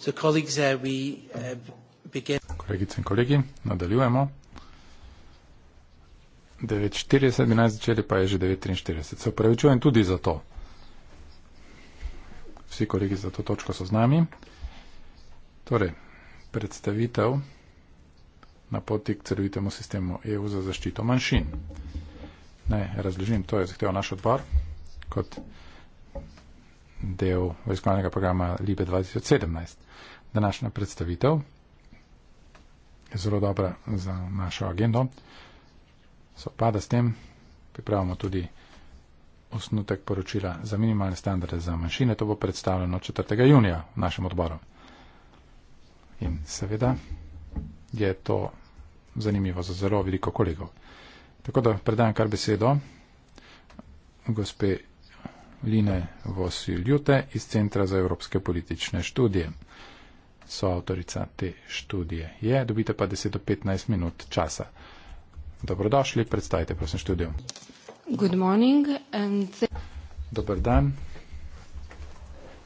Uh, uh, Kolegice in kolegi, nadaljujemo. 9.40 bi naj začeli, pa je že 9.43. Se upravičujem tudi za to. Vsi kolegi za to točko so z nami. Torej, predstavitev na poti k celovitemu sistemu EU za zaščito manjšin. Naj razložim, to je zahteval naš odbor kot del raziskovalnega programa Libe 2017. Današnja predstavitev je zelo dobra za našo agendo. Sopada s tem, pripravljamo tudi osnutek poročila za minimalne standarde za manjšine. To bo predstavljeno 4. junija v našem odboru. In seveda je to zanimivo za zelo veliko kolegov. Tako da predajam kar besedo gospe Line Vosiljute iz Centra za evropske politične študije. Soavtorica te študije je, dobite pa 10 do 15 minut časa. Dobrodošli, predstavite prosim študijo. Good morning and... Dobar dan.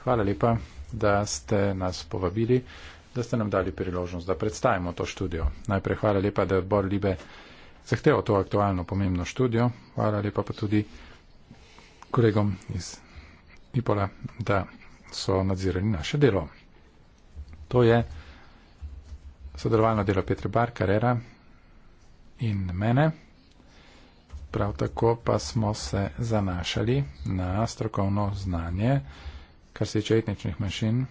Hvala lepa, da ste nas povabili, da ste nam dali priložnost, da predstavimo to študijo. Najprej hvala lepa, da je odbor Libe zahteval to aktualno pomembno študijo. Hvala lepa pa tudi, kolegom iz Ipola, da so nadzirali naše delo. To je sodelovalno delo Petra Barkarera in mene. Prav tako pa smo se zanašali na strokovno znanje, kar se tiče etničnih manjšin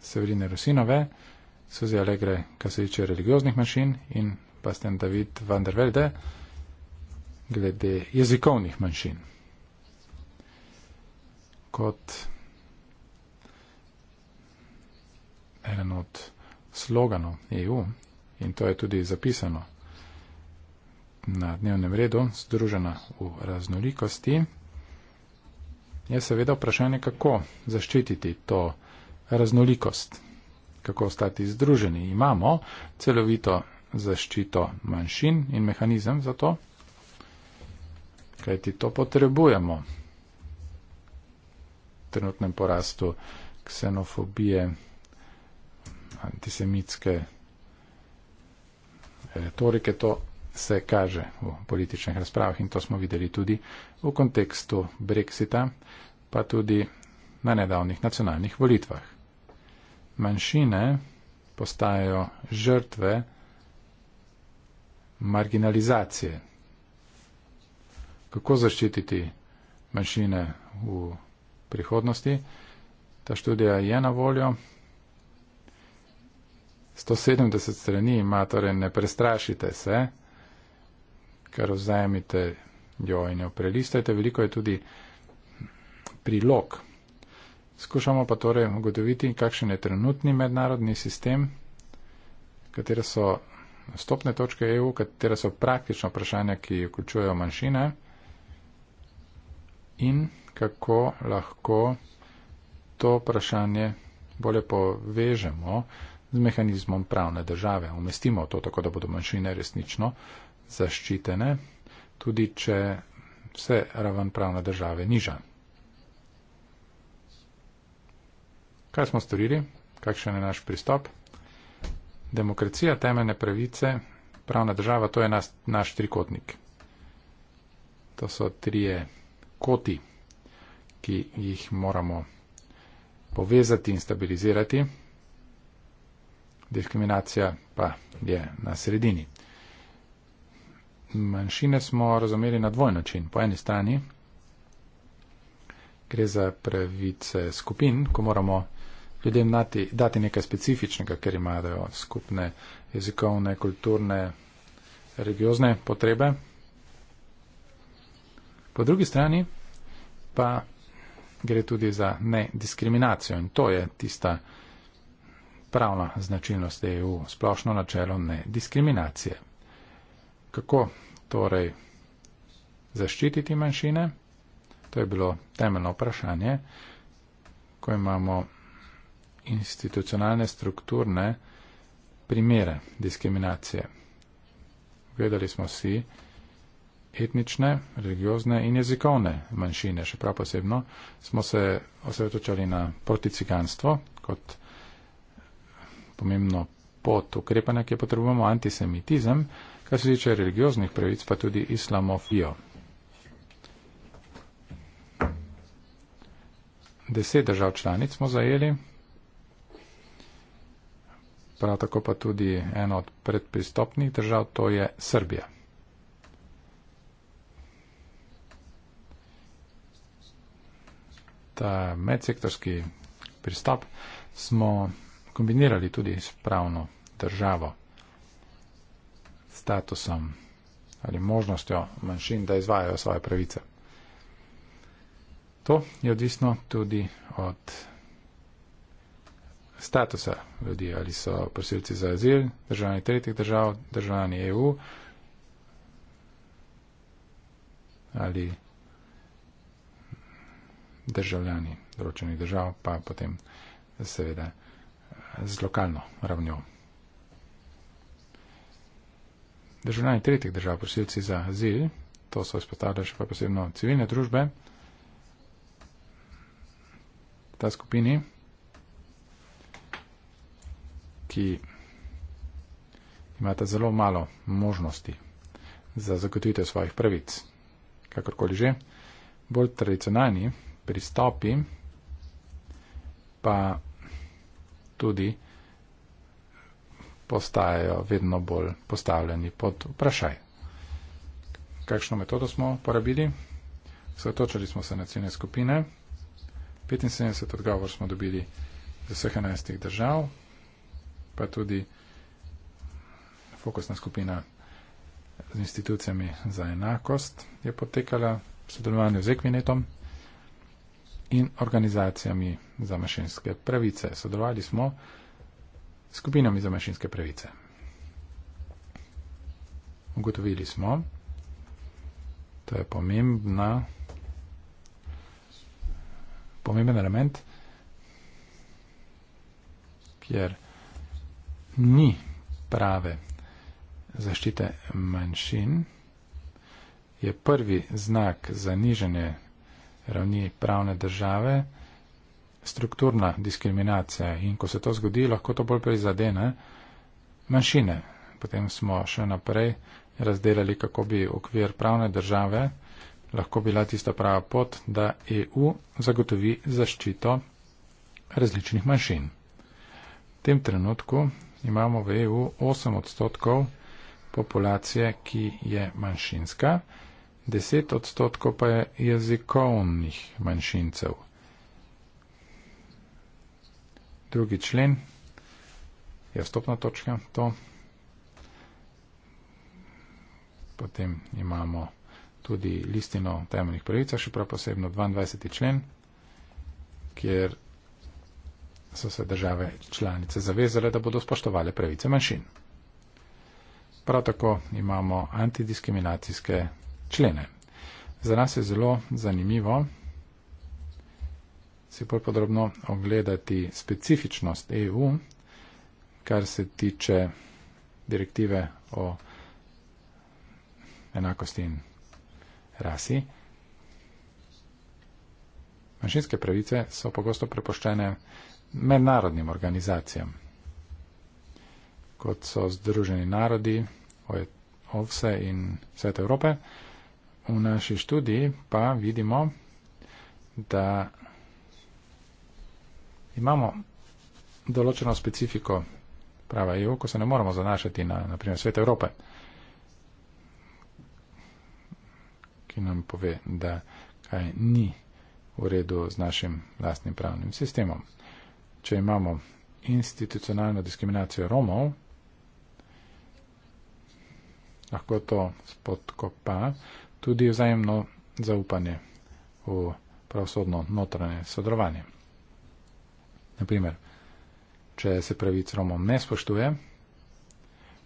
Severine Rusinove, Suzi Alegre, kar se tiče religioznih manjšin in Bastian David van der Velde glede jezikovnih manjšin kot eden od sloganov EU in to je tudi zapisano na dnevnem redu, združena v raznolikosti, je seveda vprašanje, kako zaščititi to raznolikost, kako ostati združeni. Imamo celovito zaščito manjšin in mehanizem za to, kajti to potrebujemo trenutnem porastu ksenofobije, antisemitske retorike. Eh, to se kaže v političnih razpravah in to smo videli tudi v kontekstu Brexita, pa tudi na nedavnih nacionalnih volitvah. Manjšine postajajo žrtve marginalizacije. Kako zaščititi manjšine v prihodnosti. Ta študija je na voljo. 170 strani ima, torej ne prestrašite se, kar vzajemite jo in jo prelistajte. Veliko je tudi prilog. Skušamo pa torej ugotoviti, kakšen je trenutni mednarodni sistem, katere so stopne točke EU, katere so praktično vprašanja, ki vključujejo manjšine in kako lahko to vprašanje bolje povežemo z mehanizmom pravne države. Umestimo to tako, da bodo manjšine resnično zaščitene, tudi če se raven pravne države niža. Kaj smo storili? Kakšen je naš pristop? Demokracija, temeljne pravice, pravna država, to je nas, naš trikotnik. To so trije koti, ki jih moramo povezati in stabilizirati, diskriminacija pa je na sredini. Manjšine smo razumeli na dvoj način. Po eni strani gre za pravice skupin, ko moramo ljudem dati, dati nekaj specifičnega, ker imajo skupne jezikovne, kulturne, religiozne potrebe. Po drugi strani pa gre tudi za nediskriminacijo in to je tista pravna značilnost EU, splošno načelo nediskriminacije. Kako torej zaščititi manjšine? To je bilo temeljno vprašanje, ko imamo institucionalne strukturne primere diskriminacije. Gledali smo si, etnične, religiozne in jezikovne manjšine, še prav posebno, smo se osredotočali na proticiganstvo kot pomembno pot ukrepanja, ki jo potrebujemo, antisemitizem, kar se tiče religioznih pravic, pa tudi islamofijo. Deset držav članic smo zajeli, prav tako pa tudi eno od predpristopnih držav, to je Srbija. ta medsektorski pristop, smo kombinirali tudi s pravno državo, statusom ali možnostjo manjšin, da izvajajo svoje pravice. To je odvisno tudi od statusa ljudi, ali so prosilci za azil, državljani tretjih držav, državljani EU ali državljani določenih držav, pa potem seveda eh, z lokalno ravnjo. Državljani tretjih držav, prosilci za azil, to so izpostavljali še pa posebno civilne družbe, ta skupini, ki imata zelo malo možnosti za zagotovitev svojih pravic, kakorkoli že, bolj tradicionalni pristopi, pa tudi postajajo vedno bolj postavljeni pod vprašaj. Kakšno metodo smo porabili? Svetočali smo se na ciljne skupine. 75 odgovor smo dobili z vseh 11 držav, pa tudi fokusna skupina z institucijami za enakost je potekala v sodelovanju z Equinetom in organizacijami za mašinske pravice. Sodelovali smo s skupinami za mašinske pravice. Ugotovili smo, to je pomembna, pomemben element, kjer ni prave zaščite manjšin, je prvi znak za niženje ravni pravne države, strukturna diskriminacija. In ko se to zgodi, lahko to bolj prizadene manjšine. Potem smo še naprej razdelali, kako bi okvir pravne države lahko bila tista prava pot, da EU zagotovi zaščito različnih manjšin. V tem trenutku imamo v EU 8 odstotkov populacije, ki je manjšinska deset odstotkov pa je jezikovnih manjšincev. Drugi člen je vstopna točka, to. Potem imamo tudi listino temeljnih pravica, še prav posebno 22. člen, kjer so se države članice zavezale, da bodo spoštovali pravice manjšin. Prav tako imamo antidiskriminacijske člene. Za nas je zelo zanimivo si bolj podrobno ogledati specifičnost EU, kar se tiče direktive o enakosti in rasi. Manjšinske pravice so pogosto prepoščene mednarodnim organizacijam, kot so Združeni narodi, OVSE e in Svet Evrope. V naši študiji pa vidimo, da imamo določeno specifiko prava EU, ko se ne moramo zanašati na naprimer svet Evrope, ki nam pove, da kaj ni v redu z našim lastnim pravnim sistemom. Če imamo institucionalno diskriminacijo Romov, lahko to spodkopa tudi vzajemno zaupanje v pravosodno notranje sodelovanje. Naprimer, če se pravic Romom ne spoštuje,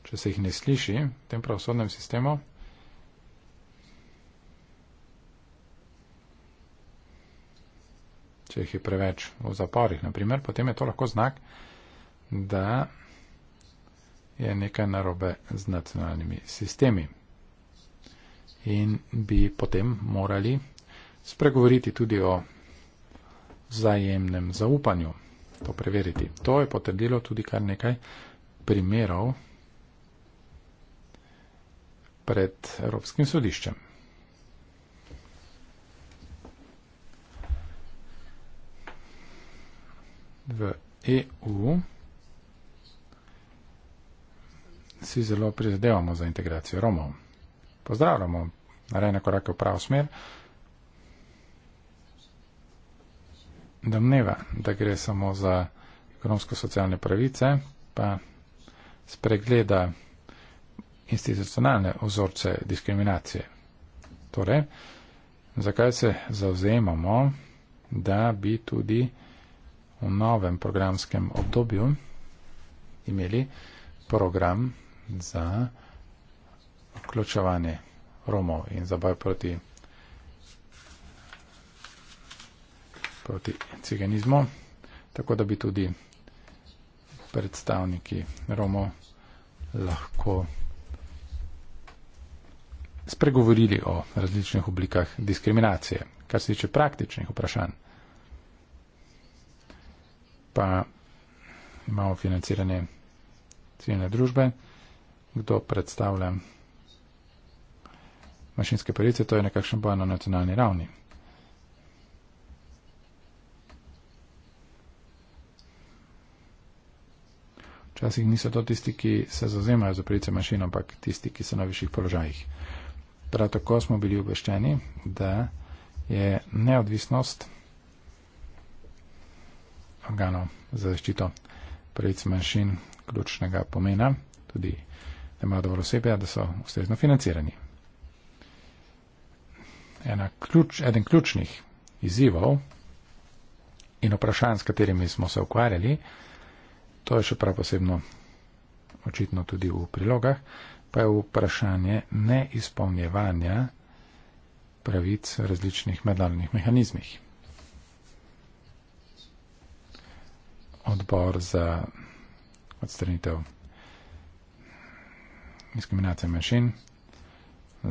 če se jih ne sliši v tem pravosodnem sistemu, če jih je preveč v zaporih, naprimer, potem je to lahko znak, da je nekaj narobe z nacionalnimi sistemi in bi potem morali spregovoriti tudi o vzajemnem zaupanju, to preveriti. To je potrdilo tudi kar nekaj primerov pred Evropskim sodiščem. V EU si zelo prizadevamo za integracijo Romov pozdravljamo, narejene korake v prav smer. Domneva, da gre samo za ekonomsko-socialne pravice, pa spregleda institucionalne ozorce diskriminacije. Torej, zakaj se zauzemamo, da bi tudi v novem programskem obdobju imeli program za vključevanje Romov in za boj proti, proti ciganizmu, tako da bi tudi predstavniki Romov lahko spregovorili o različnih oblikah diskriminacije. Kar se tiče praktičnih vprašanj, pa imamo financiranje civilne družbe, kdo predstavlja mašinske pravice, to je nekakšen boj na nacionalni ravni. Včasih niso to tisti, ki se zazemajo za pravice mašin, ampak tisti, ki so na višjih položajih. Prav tako smo bili obveščeni, da je neodvisnost organov za zaščito pravic manjšin ključnega pomena, tudi da imajo dovolj osebja, da so ustrezno financirani ena ključ, eden ključnih izzivov in vprašanj, s katerimi smo se ukvarjali, to je še prav posebno očitno tudi v prilogah, pa je vprašanje neizpolnjevanja pravic v različnih mednarodnih mehanizmih. Odbor za odstranitev diskriminacije manjšin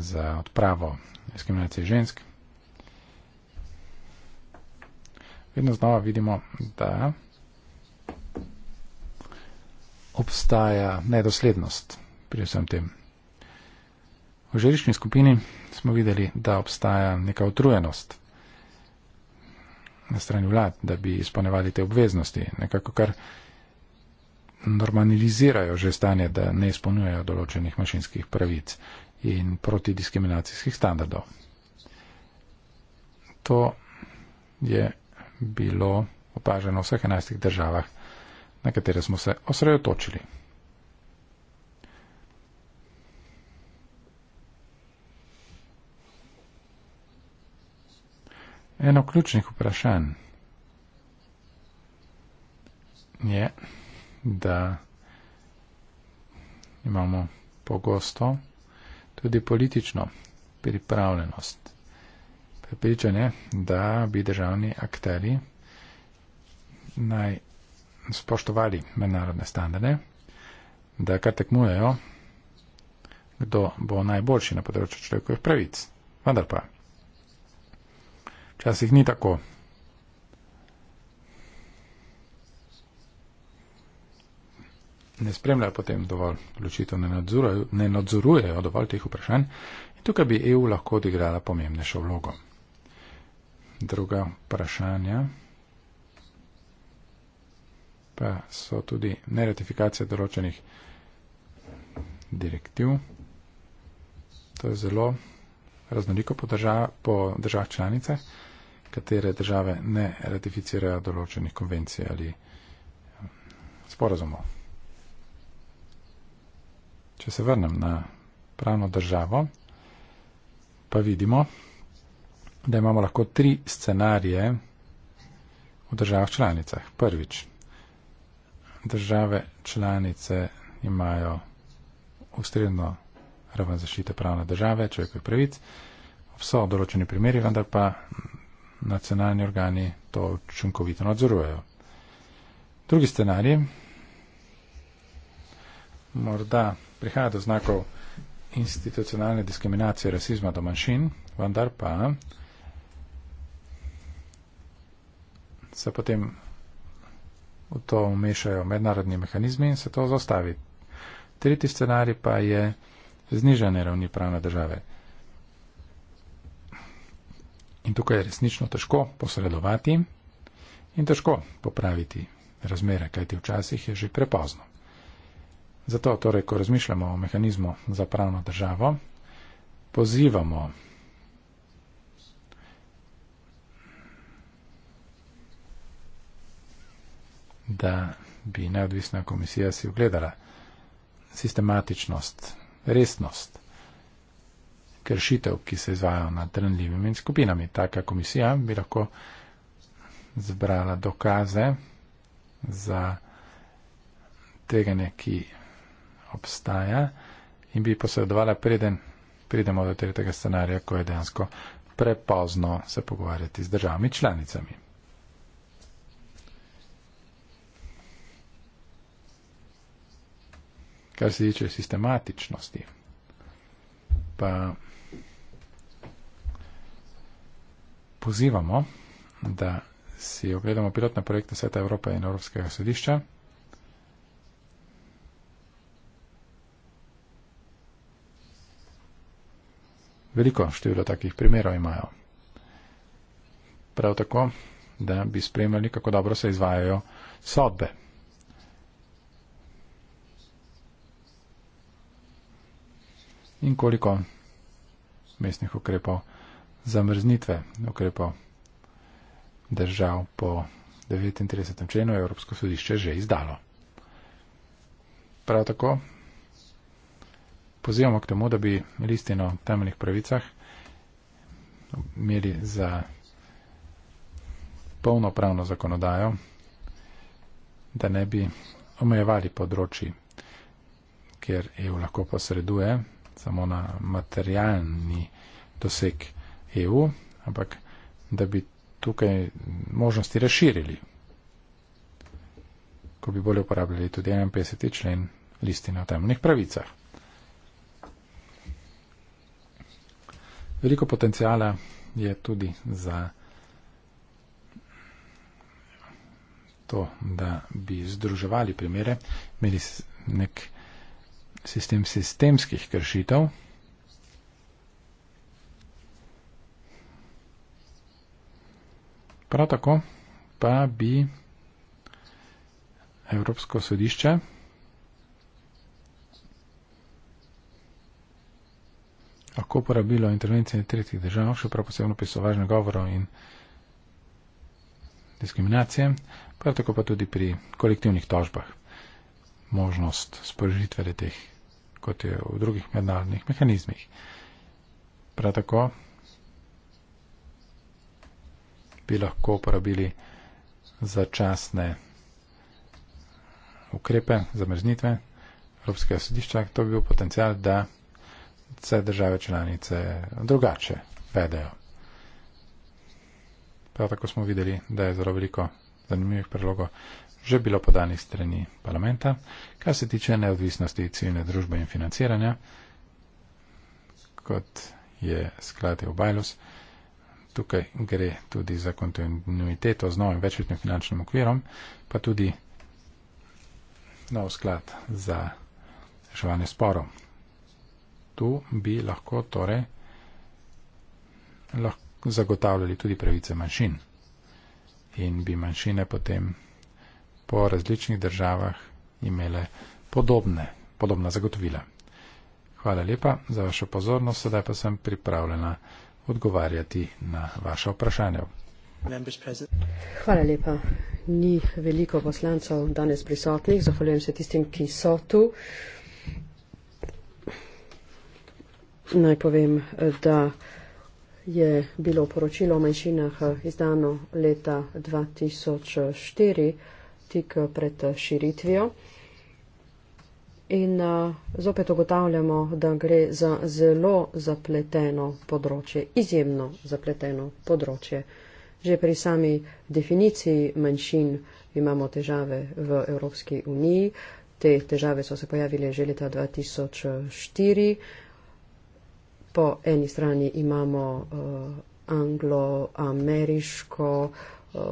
za odpravo diskriminacije žensk. Vedno znova vidimo, da obstaja nedoslednost pri vsem tem. V žirični skupini smo videli, da obstaja neka utrujenost na strani vlad, da bi izpolnevali te obveznosti, nekako kar normalizirajo že stanje, da ne izpolnjujejo določenih mašinskih pravic in protidiskriminacijskih standardov. To je bilo opaženo v vseh enajstih državah, na katere smo se osredotočili. Eno ključnih vprašanj je, da imamo pogosto tudi politično pripravljenost. Pripričanje, da bi državni akteri naj spoštovali mednarodne standarde, da kar tekmujejo, kdo bo najboljši na področju človekovih pravic. Vendar pa, včasih ni tako. ne spremljajo potem dovolj ločitev, ne, ne nadzorujejo dovolj teh vprašanj in tukaj bi EU lahko odigrala pomembnejšo vlogo. Druga vprašanja pa so tudi neratifikacija določenih direktiv. To je zelo raznoliko po, držav, po državah članice, katere države ne ratificirajo določenih konvencij ali eh, sporazumov. Če se vrnem na pravno državo, pa vidimo, da imamo lahko tri scenarije v državah članicah. Prvič, države članice imajo ustredno raven zaščite pravne države, človekovih pravic, so določeni primeri, vendar pa nacionalni organi to učinkovito nadzorujejo. Drugi scenarij, morda prihaja do znakov institucionalne diskriminacije rasizma do manjšin, vendar pa se potem v to umešajo mednarodni mehanizmi in se to zaustavi. Tretji scenarij pa je znižanje ravni pravne države. In tukaj je resnično težko posredovati in težko popraviti razmere, kajti včasih je že prepozno. Zato, torej, ko razmišljamo o mehanizmu za pravno državo, pozivamo da bi neodvisna komisija si ogledala sistematičnost, resnost kršitev, ki se izvajajo nad trnljivimi skupinami. Taka komisija bi lahko zbrala dokaze za tveganje, ki obstaja in bi posredovala preden pridemo do tretjega scenarija, ko je dejansko prepozno se pogovarjati z državami članicami. Kar se tiče sistematičnosti, pa pozivamo, da si ogledamo pilotne projekte Sveta Evrope in Evropskega sodišča. veliko število takih primerov imajo. Prav tako, da bi spremljali, kako dobro se izvajajo sodbe. In koliko mestnih ukrepov zamrznitve, ukrepov držav po 39. členu Evropsko sodišče že izdalo. Prav tako pozivamo k temu, da bi listino o temeljnih pravicah imeli za polno pravno zakonodajo, da ne bi omejevali področji, kjer EU lahko posreduje samo na materialni doseg EU, ampak da bi tukaj možnosti razširili, ko bi bolje uporabljali tudi 51. člen listine o temeljnih pravicah. Veliko potencijala je tudi za to, da bi združevali primere, imeli nek sistem sistemskih kršitev. Prav tako pa bi Evropsko sodišče lahko uporabilo intervencije tretjih držav, še prav posebno pisovažne govoro in diskriminacije, prav tako pa tudi pri kolektivnih tožbah možnost sporožitve teh, kot je v drugih mednarodnih mehanizmih. Prav tako bi lahko uporabili začasne ukrepe, zamrznitve Evropskega sodišča, to bi bil potencial, da se države članice drugače vedejo. Prav tako smo videli, da je zelo veliko zanimivih predlogov že bilo podanih strani parlamenta, kar se tiče neodvisnosti civilne družbe in financiranja, kot je sklad Eubailus. Tukaj gre tudi za kontinuiteto z novim večletnim finančnim okvirom, pa tudi nov sklad za reševanje sporov tu bi lahko torej lahko zagotavljali tudi pravice manjšin in bi manjšine potem po različnih državah imele podobne, podobna zagotovila. Hvala lepa za vašo pozornost, sedaj pa sem pripravljena odgovarjati na vaše vprašanje. Hvala lepa. Ni veliko poslancov danes prisotnih. Zahvaljujem se tistim, ki so tu naj povem, da je bilo poročilo o manjšinah eh, izdano leta 2004, tik eh, pred širitvijo. In eh, zopet ugotavljamo, da gre za zelo zapleteno področje, izjemno zapleteno področje. Že pri sami definiciji manjšin imamo težave v Evropski uniji. Te težave so se pojavile že leta 2004 po eni strani imamo uh, anglo-ameriško uh,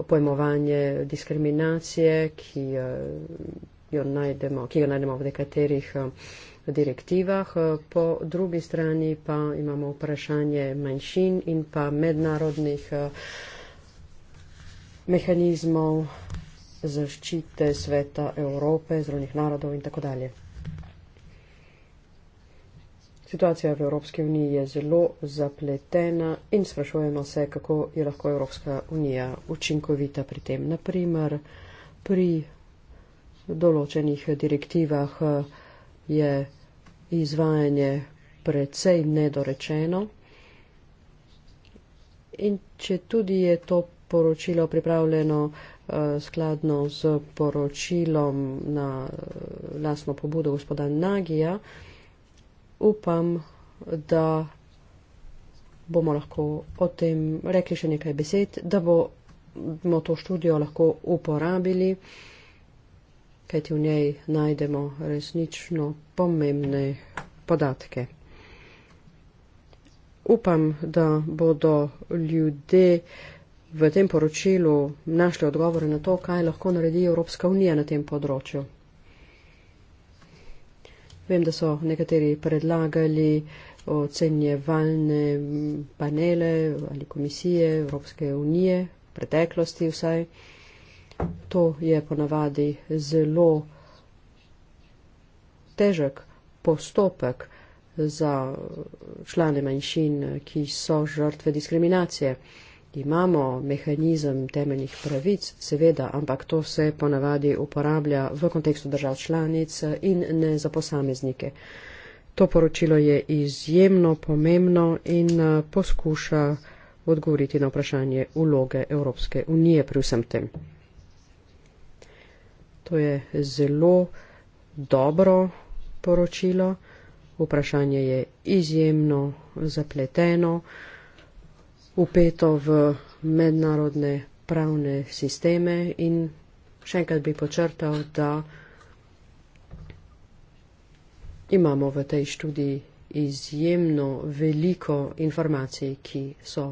pojmovanje diskriminacije, ki, uh, jo najdemo, ki jo najdemo v nekaterih uh, direktivah, uh, po drugi strani pa imamo vprašanje manjšin in pa mednarodnih uh, mehanizmov zaščite sveta Evrope, zrovnih narodov in tako dalje. Situacija v Evropski uniji je zelo zapletena in sprašujemo se, kako je lahko Evropska unija učinkovita pri tem. Naprimer, pri določenih direktivah eh, je izvajanje precej nedorečeno. In če tudi je to poročilo pripravljeno uh, skladno z poročilom na uh, eh, lasno pobudo gospoda Nagija, uh, upam, da bomo lahko o tem rekli še nekaj besed, da bomo to študijo lahko uporabili, kajti v njej najdemo resnično pomembne podatke. Upam, da bodo ljudje v tem poročilu našli odgovore na to, kaj lahko naredi Evropska unija na tem področju. Vem, da so nekateri predlagali ocenjevalne panele ali komisije Evropske unije, v preteklosti vsaj. To je ponavadi zelo težek postopek za člane manjšin, ki so žrtve diskriminacije imamo mehanizem temeljnih pravic, seveda, ampak to se ponavadi uporablja v kontekstu držav članic in ne za posameznike. To poročilo je izjemno pomembno in eh, poskuša odgovoriti na vprašanje uloge Evropske unije pri vsem tem. To je zelo dobro poročilo. Vprašanje je izjemno zapleteno upeto v mednarodne pravne sisteme in še enkrat bi počrtal, da imamo v tej študiji izjemno veliko informacij, ki so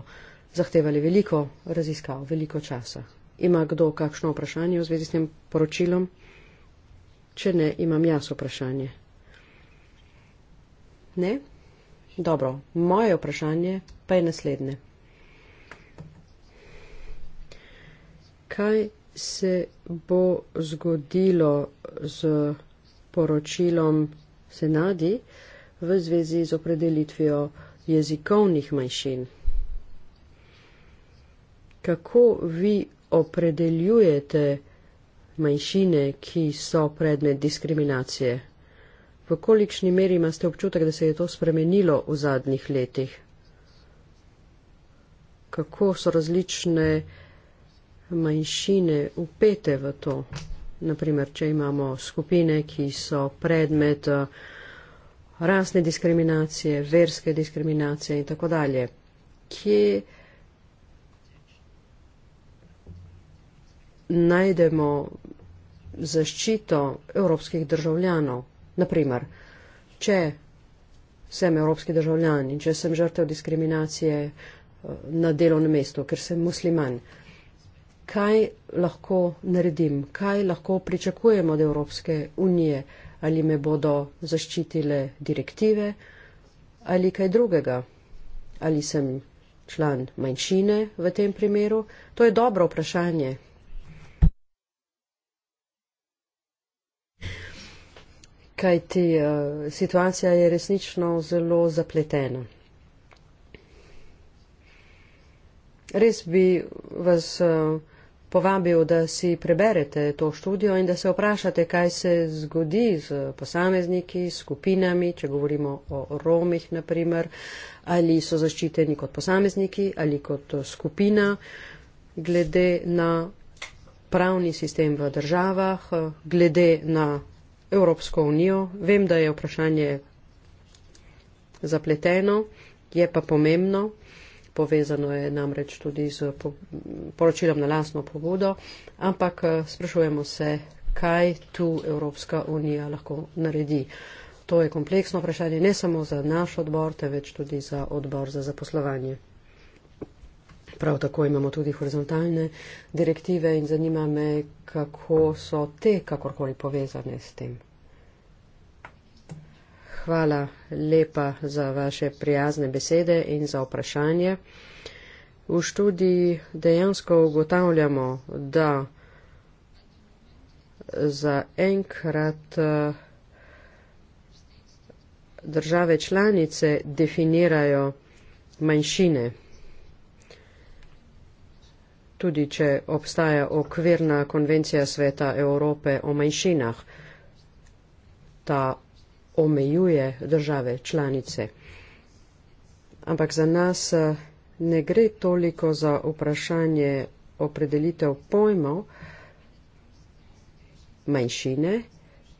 zahtevali veliko raziskav, veliko časa. Ima kdo kakšno vprašanje v zvezi s tem poročilom? Če ne, imam jaz vprašanje. Ne? Dobro, moje vprašanje pa je naslednje. kaj se bo zgodilo z poročilom Senadi v zvezi z opredelitvijo jezikovnih manjšin. Kako vi opredeljujete manjšine, ki so predmet diskriminacije? V kolikšni meri imate občutek, da se je to spremenilo v zadnjih letih? Kako so različne manjšine upete v to. Naprimer, če imamo skupine, ki so predmet eh, rasne diskriminacije, verske diskriminacije in tako dalje. Kje najdemo zaščito evropskih državljanov? Naprimer, če sem evropski državljan in če sem žrtev diskriminacije eh, na delovnem mestu, ker sem musliman, kaj lahko naredim, kaj lahko pričakujem od Evropske unije, ali me bodo zaščitile direktive ali kaj drugega, ali sem član manjšine v tem primeru. To je dobro vprašanje. Kaj ti uh, eh, situacija je resnično zelo zapletena. res bi vas eh, povabil, da si preberete to študijo in da se vprašate, kaj se zgodi z posamezniki, skupinami, če govorimo o Romih, naprimer, ali so zaščiteni kot posamezniki ali kot eh, skupina, glede na pravni sistem v državah, eh, glede na Evropsko unijo. Vem, da je vprašanje zapleteno, je pa pomembno povezano je namreč tudi z poročilom na lasno pobudo, ampak eh, sprašujemo se, kaj tu Evropska unija lahko naredi. To je kompleksno vprašanje ne samo za naš odbor, temveč tudi za odbor za zaposlovanje. Prav tako imamo tudi horizontalne direktive in zanima me, kako so te kakorkoli povezane s tem hvala lepa za vaše prijazne besede in za vprašanje. V študiji dejansko ugotavljamo, da za enkrat eh, države članice definirajo manjšine. Tudi če obstaja okvirna konvencija Sveta Evrope o manjšinah, ta omejuje države članice. Ampak za nas eh, ne gre toliko za vprašanje opredelitev pojmov manjšine,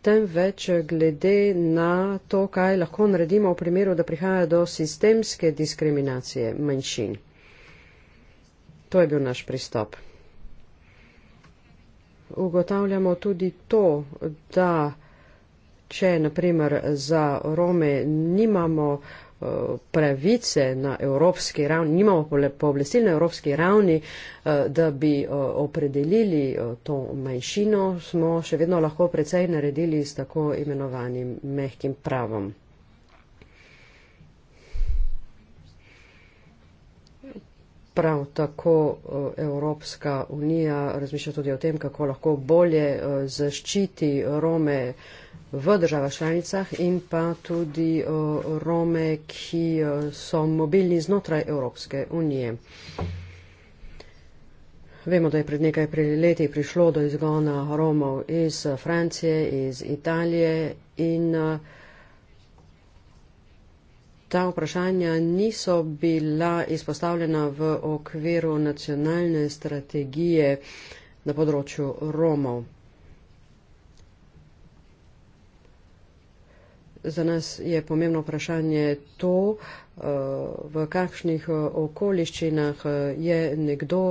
temveč glede na to, kaj lahko naredimo v primeru, da prihaja do sistemske diskriminacije manjšin. To je bil naš pristop. Ugotavljamo tudi to, da če naprimer za Rome nimamo eh, pravice na evropski ravni, nimamo pooblastil na evropski ravni, eh, da bi eh, opredelili to manjšino, smo še vedno lahko precej naredili s tako imenovanim mehkim pravom. Prav tako Evropska unija razmišlja tudi o tem, kako lahko bolje zaščiti Rome v državah članicah in pa tudi Rome, ki so mobilni znotraj Evropske unije. Vemo, da je pred nekaj leti prišlo do izgona Romov iz eh, Francije, iz Italije in eh, ta vprašanja niso bila izpostavljena v okviru nacionalne strategije na področju Romov. za nas je pomembno vprašanje to, eh, v kakšnih eh, okoliščinah eh, je nekdo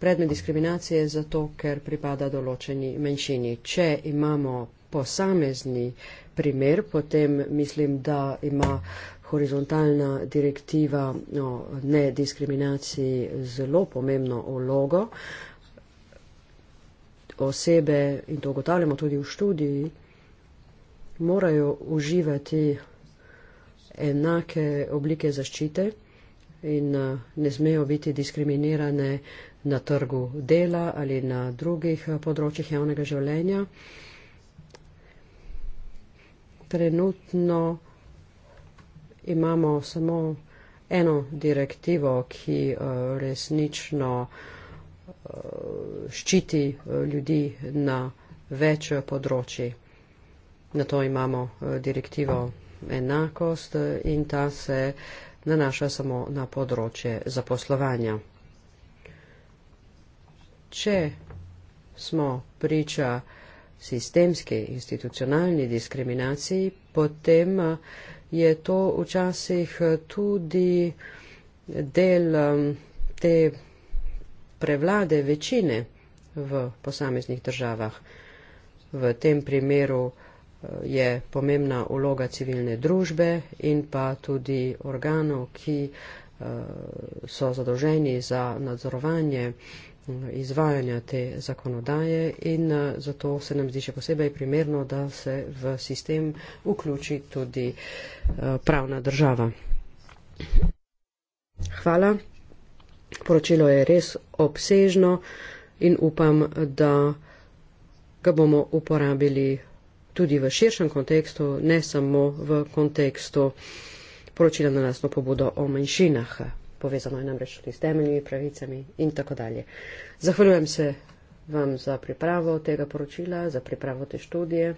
predmet diskriminacije zato, ker pripada določeni menšini. Če imamo posamezni primer, potem mislim, da ima horizontalna direktiva o nediskriminaciji zelo pomembno ulogo. Osebe, in to ugotavljamo tudi v študiji, morajo uživati enake oblike zaščite in eh, ne smejo biti diskriminirane na trgu dela ali na drugih eh, področjih javnega življenja. Trenutno imamo samo eno direktivo, ki eh, resnično ščiti ljudi na več področjih. Na to imamo e, direktivo enakost e, in ta se nanaša samo na področje zaposlovanja. Če smo priča sistemski institucionalni diskriminaciji, potem e, je to včasih tudi del te prevlade večine v posameznih državah. V tem primeru je pomembna vloga civilne družbe in pa tudi organov, ki eh, so zadolženi za nadzorovanje eh, izvajanja te zakonodaje in eh, zato se nam zdi še posebej primerno, da se v sistem vključi tudi pravna država. Hvala. Poročilo je res obsežno in upam, da ga bomo uporabili tudi v širšem kontekstu, ne samo v kontekstu poročila na lasno pobudo o manjšinah. Povezano je namreč tudi s temeljnimi pravicami in tako dalje. Zahvaljujem se vam za pripravo tega poročila, za pripravo te študije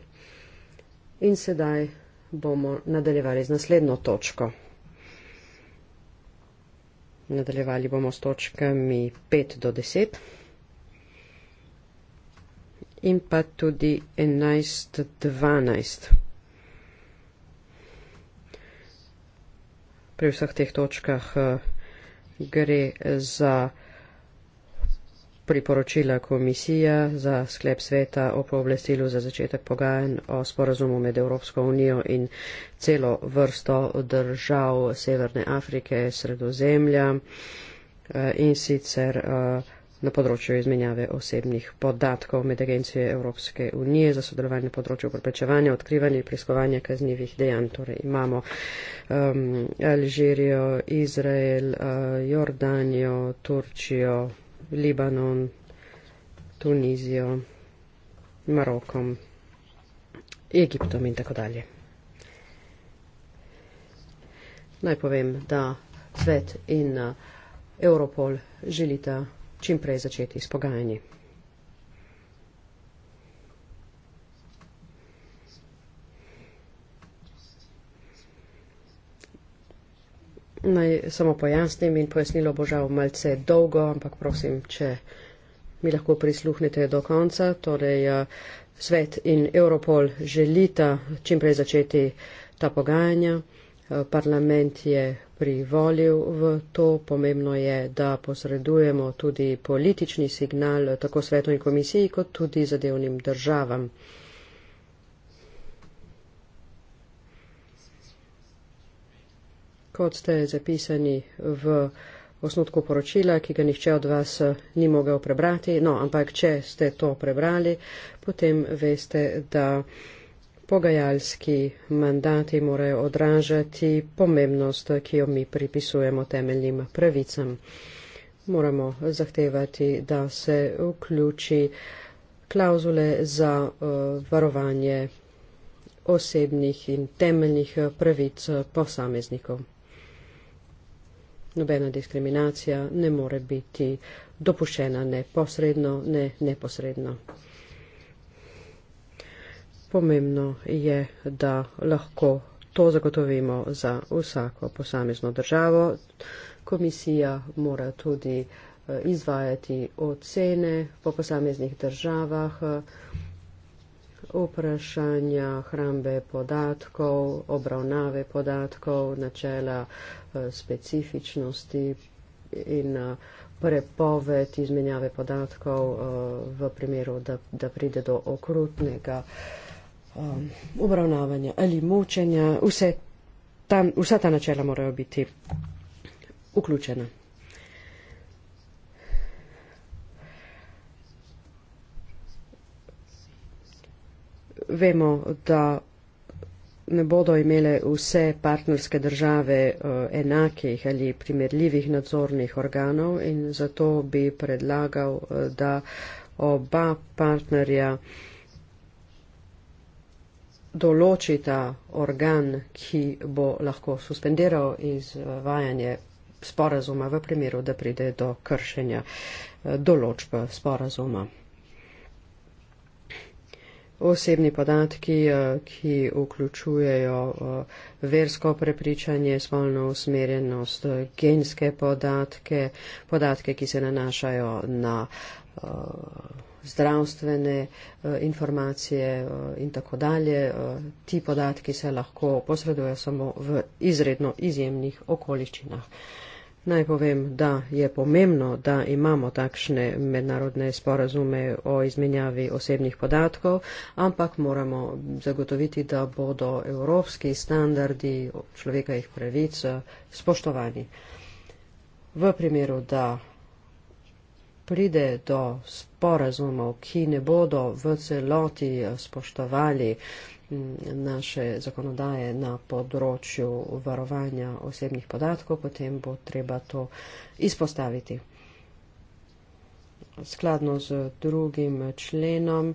in sedaj bomo nadaljevali z naslednjo točko. Nadaljevali bomo s točkami 5 do 10 in pa tudi 11.12. Pri vseh teh točkah eh, gre za priporočila komisija za sklep sveta o pooblastilu za začetek pogajanj o sporazumu med Evropsko unijo in celo vrsto držav Severne Afrike, Sredozemlja eh, in sicer eh, na področju izmenjave osebnih podatkov med agencije Evropske unije za sodelovanje na področju preprečevanja, odkrivanja in preiskovanja kaznjivih dejanj. Torej imamo um, Alžirijo, Izrael, uh, Jordanijo, Turčijo, Libanon, Tunizijo, Marokom, Egiptom in tako dalje. Naj povem, da svet in uh, Europol želita čim prej začeti s pogajanji. Naj samo pojasnim in pojasnilo bo žal malce dolgo, ampak prosim, če mi lahko prisluhnete do konca. Torej, eh, svet in Europol želita čim prej začeti ta pogajanja. Eh, parlament je privolil v to. Pomembno je, da posredujemo tudi politični signal tako svetovni komisiji, kot tudi zadevnim državam. Kot ste zapisani v osnutku poročila, ki ga nihče od vas ni mogel prebrati, no, ampak če ste to prebrali, potem veste, da pogajalski mandati morajo odražati pomembnost, ki jo mi pripisujemo temeljnim pravicam. Moramo zahtevati, da se vključi klauzule za eh, varovanje osebnih in temeljnih pravic posameznikov. Nobena diskriminacija ne more biti dopuščena neposredno, ne neposredno pomembno je, da lahko to zagotovimo za vsako posamezno državo. Komisija mora tudi eh, izvajati ocene po posameznih državah, vprašanja hrambe podatkov, obravnave podatkov, načela eh, specifičnosti in eh, prepoved izmenjave podatkov v primeru, da, da pride do okrutnega um, obravnavanja ali mučenja, vse ta, vsa ta načela morajo biti vključena. Vemo, da ne bodo imele vse partnerske države uh, enakih ali primerljivih nadzornih organov in zato bi predlagal, uh, da oba partnerja uh, določita organ, ki bo lahko suspendiral izvajanje sporazuma v primeru, da pride do kršenja eh, določb sporazuma. Osebni podatki, eh, ki vključujejo eh, versko prepričanje, spolno usmerjenost, genske podatke, podatke, ki se nanašajo na zdravstvene eh, informacije eh, in tako dalje. Eh, ti podatki se lahko posredujejo samo v izredno izjemnih okoliščinah. Naj povem, da je pomembno, da imamo takšne mednarodne sporazume o izmenjavi osebnih podatkov, ampak moramo zagotoviti, da bodo evropski standardi človekovih pravic spoštovani. V primeru, da pride do sporazumov, ki ne bodo v celoti spoštovali naše zakonodaje na področju varovanja osebnih podatkov, potem bo treba to izpostaviti. Skladno z drugim členom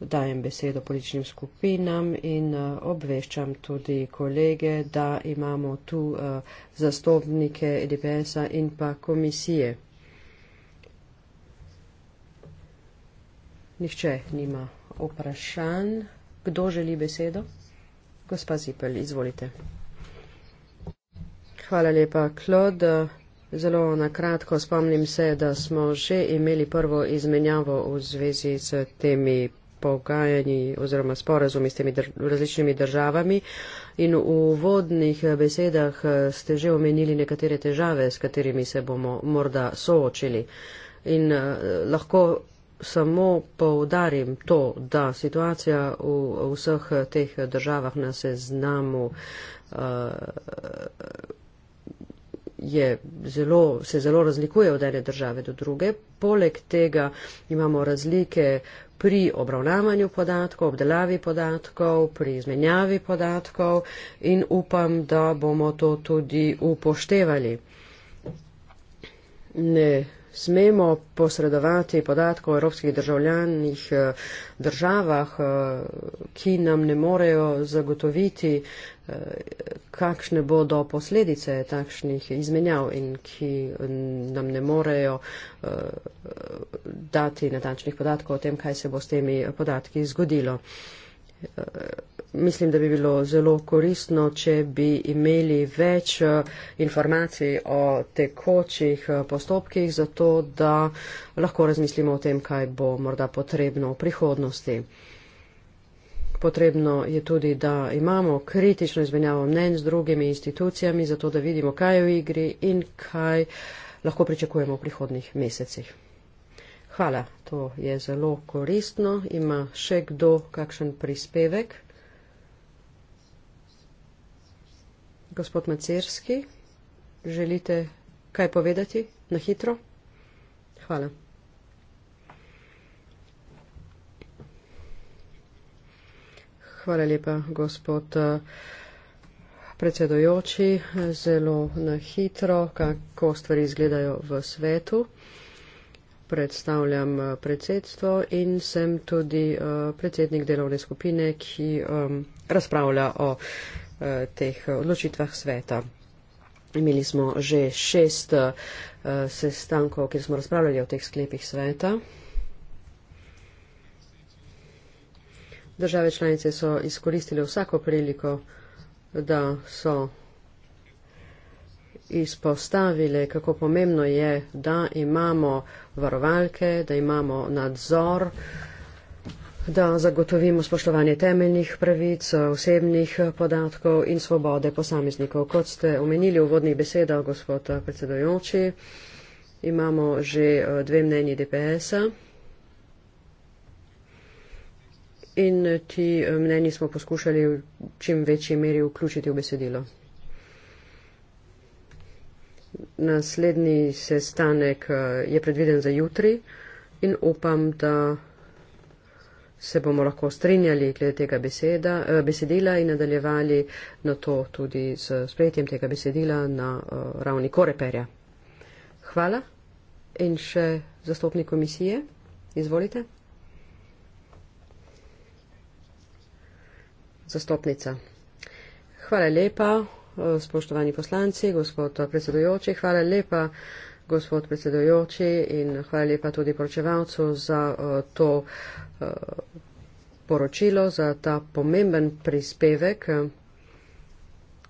dajem besedo političnim skupinam in eh, obveščam tudi kolege, da imamo tu eh, zastopnike EDPS-a in pa komisije. Nihče nima vprašanj. Kdo želi besedo? Gospa Zipel, izvolite. Hvala lepa, Klod. Zelo nakratko spomnim se, da smo že imeli prvo izmenjavo v zvezi s temi pogajanji oziroma sporazumi s temi dr različnimi državami in v uvodnih besedah ste že omenili nekatere težave, s katerimi se bomo morda soočili. In uh, lahko samo poudarim to, da situacija v vseh teh državah na seznamu eh, je zelo, se zelo razlikuje od ene države do druge. Poleg tega imamo razlike pri obravnavanju podatkov, obdelavi podatkov, pri izmenjavi podatkov in upam, da bomo to tudi upoštevali. Ne smemo posredovati podatke o evropskih državljanih eh, državah, eh, ki nam ne morejo zagotoviti, eh, kakšne bodo posledice takšnih izmenjav in ki nam ne morejo dati natančnih podatkov o tem, kaj se bo s temi podatki zgodilo. Eh, mislim, da bi bilo zelo koristno, če bi imeli več eh, informacij o tekočih eh, postopkih, zato da lahko razmislimo o tem, kaj bo morda potrebno v prihodnosti. Potrebno je tudi, da imamo kritično izmenjavo mnen z drugimi institucijami, zato da vidimo, kaj je v igri in kaj lahko pričakujemo v prihodnih mesecih. Hvala, to je zelo koristno. Ima še kdo kakšen prispevek? Gospod Macerski, želite kaj povedati na hitro? Hvala. Hvala lepa, gospod eh, predsedojoči. Zelo na hitro, kako stvari izgledajo v svetu predstavljam eh, predsedstvo in sem tudi eh, predsednik delovne skupine, ki razpravlja o eh, teh odločitvah sveta. Imeli smo že šest sestankov, kjer smo razpravljali o teh sklepih sveta. Države članice so izkoristile vsako priliko, da so izpostavili, kako pomembno je, da imamo varovalke, da imamo nadzor, da zagotovimo spoštovanje temeljnih pravic, osebnih podatkov in svobode posameznikov. Kot ste omenili v vodnih besedah, gospod predsedojoči, imamo že eh, dve mnenji DPS-a. In ti eh, mnenji smo poskušali v čim večji meri vključiti v besedilo. Naslednji sestanek eh, je predviden za jutri in upam, da se bomo lahko strinjali glede tega beseda, eh, besedila in nadaljevali na to tudi s sprejetjem tega besedila na eh, ravni koreperja. Hvala. In še zastopnik komisije. Izvolite. Zastopnica. Hvala lepa spoštovani poslanci, gospod predsedojoči, hvala lepa, gospod predsedojoči in hvala lepa tudi poročevalcu za eh, to eh, poročilo, za ta pomemben prispevek,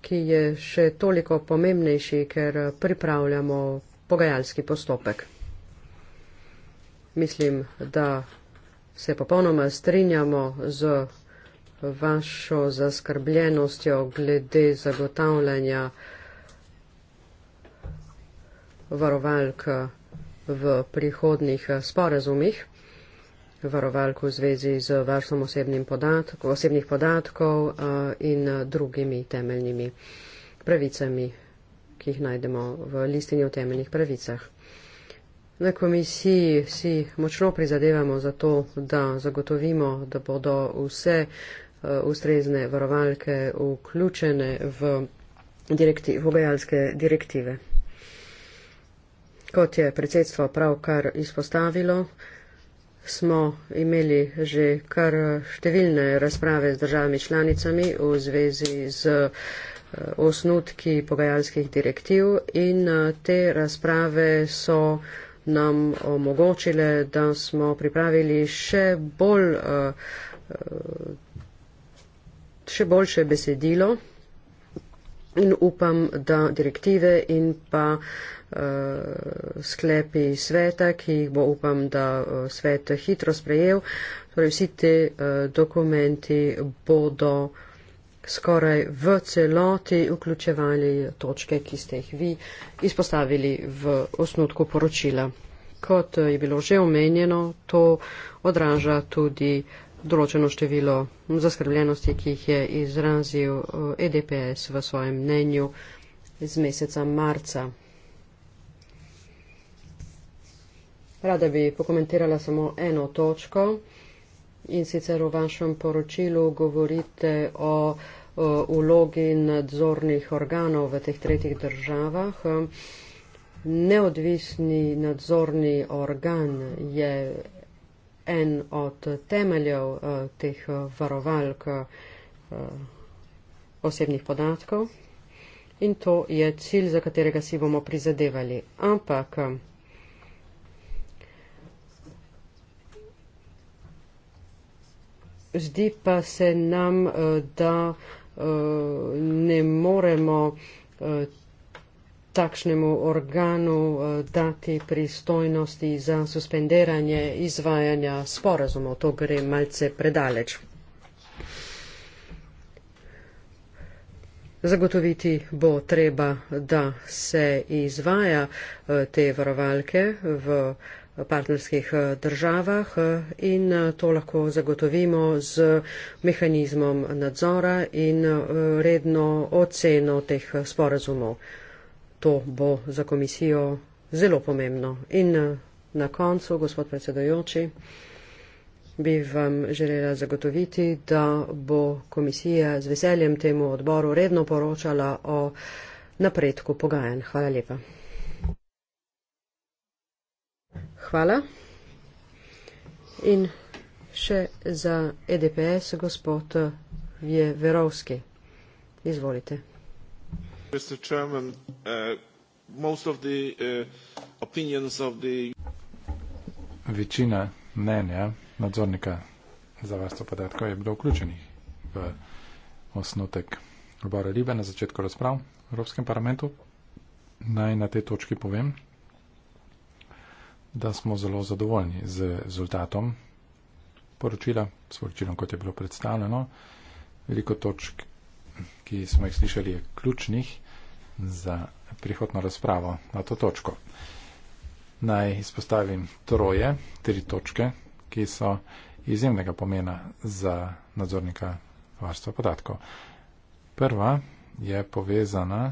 ki je še toliko pomembnejši, ker pripravljamo pogajalski postopek. Mislim, da se popolnoma strinjamo z vašo zaskrbljenostjo glede zagotavljanja varovalk v prihodnih sporazumih, varovalk v zvezi z varstvom podatk, osebnih podatkov eh, in drugimi temeljnimi pravicami, ki jih najdemo v listini o temeljnih pravicah. Na komisiji si močno prizadevamo za to, da zagotovimo, da bodo vse Eh, ustrezne varovalke vključene v pogajalske direktiv, direktive. Kot je predsedstvo pravkar izpostavilo, smo imeli že kar številne razprave z državami članicami v zvezi z eh, osnutki pogajalskih direktiv in eh, te razprave so nam omogočile, da smo pripravili še bolj še boljše besedilo in upam, da direktive in pa uh, sklepi sveta, ki jih bo upam, da eh, svet hitro sprejel, torej vsi te uh, dokumenti bodo skoraj v celoti vključevali točke, ki ste jih vi izpostavili v osnutku poročila. Kot eh, je bilo že omenjeno, to odraža tudi uh, določeno število zaskrbljenosti, ki jih je izrazil EDPS eh, e v svojem mnenju iz meseca marca. Rada bi pokomentirala samo eno točko in sicer v vašem poročilu govorite o vlogi nadzornih organov v teh tretjih državah. Neodvisni nadzorni organ je en od temeljev uh, teh eh, varovalk uh, osebnih podatkov in to je cilj, za katerega si bomo prizadevali. Ampak zdi pa se nam, uh, da uh, ne moremo uh, takšnemu organu eh, dati pristojnosti za suspenderanje izvajanja sporazumov. To gre malce predaleč. Zagotoviti bo treba, da se izvaja eh, te varovalke v partnerskih eh, državah in to lahko zagotovimo z mehanizmom nadzora in redno oceno teh sporazumov to bo za komisijo zelo pomembno. In eh, na koncu, gospod predsedojoči, bi vam želela zagotoviti, da bo komisija z veseljem temu odboru redno poročala o napredku pogajanj. Hvala lepa. Hvala. In še za EDPS gospod Vjeverovski. Izvolite. Mr. Chairman, uh, most of the uh, opinions of the Večina mnenja nadzornika za varstvo podatkov je bilo vključenih v osnotek Lubara Ribe na začetku razprav v Evropskem parlamentu. Naj na tej točki povem, da smo zelo zadovoljni z rezultatom poročila, s poročilom, kot je bilo predstavljeno. Veliko točk ki smo jih slišali, je ključnih za prihodno razpravo na to točko. Naj izpostavim troje, tri točke, ki so izjemnega pomena za nadzornika varstva podatkov. Prva je povezana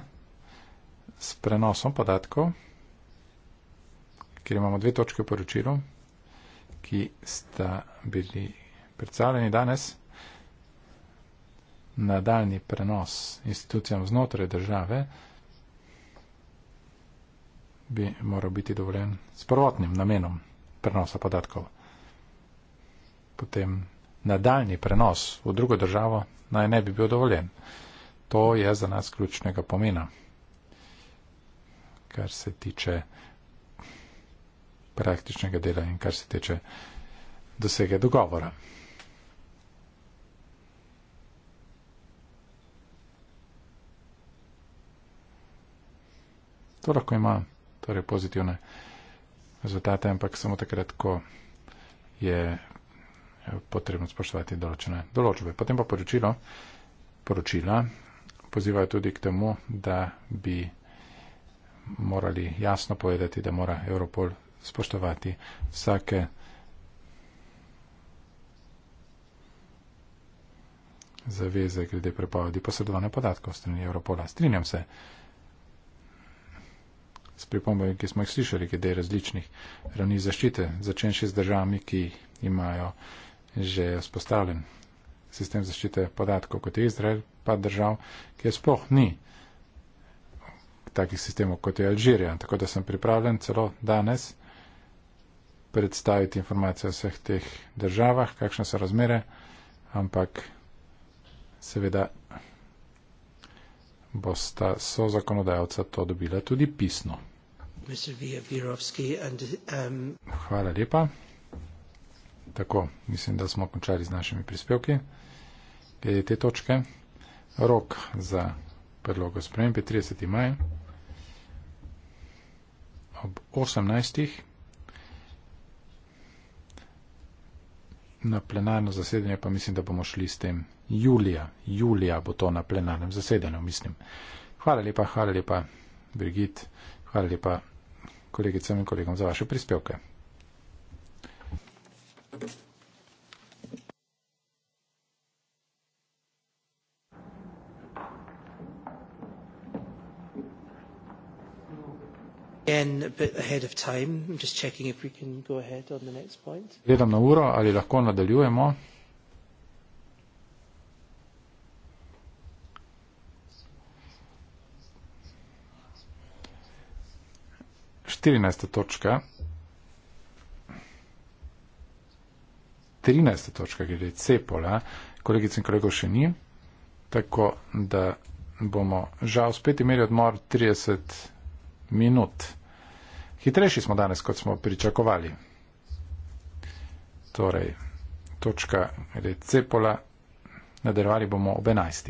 s prenosom podatkov, kjer imamo dve točke v poročilu, ki sta bili predstavljeni danes nadaljni prenos institucijam znotraj države bi moral biti dovoljen s prvotnim namenom prenosa podatkov. Potem nadaljni prenos v drugo državo naj ne bi bil dovoljen. To je za nas ključnega pomena, kar se tiče praktičnega dela in kar se tiče dosege dogovora. To lahko ima torej pozitivne rezultate, ampak samo takrat, ko je eh, potrebno spoštovati določene določbe. Potem pa poročilo, poročila pozivajo tudi k temu, da bi morali jasno povedati, da mora Europol spoštovati vsake zaveze glede prepovedi posredovanja podatkov strani Europola. Strinjam se s pripombami, ki smo jih slišali, glede različnih ravni zaščite, začenši z državami, ki imajo že vzpostavljen sistem zaščite podatkov, kot je Izrael, pa držav, ki je sploh ni takih sistemov, kot je Alžirija. Tako da sem pripravljen celo danes predstaviti informacije o vseh teh državah, kakšne so razmere, ampak seveda bosta so zakonodajalca to dobila tudi pisno. Um, Hvala lepa. Tako, mislim, da smo končali z našimi prispevki. Glede te točke, rok za predlogo spremembe 30. maja ob 18. na plenarno zasedanje pa mislim, da bomo šli s tem julija, julija bo to na plenarnem zasedanju, mislim. Hvala lepa, hvala lepa, Brigit, hvala lepa kolegicam in kolegom za vaše prispevke. Gledam na uro, ali lahko nadaljujemo. 14. točka. 13. točka glede cepola, kolegice in kolegov še ni, tako da bomo žal spet imeli odmor 30 minut. Hitrejši smo danes, kot smo pričakovali. Torej, točka glede cepola, nadaljevali bomo ob 11.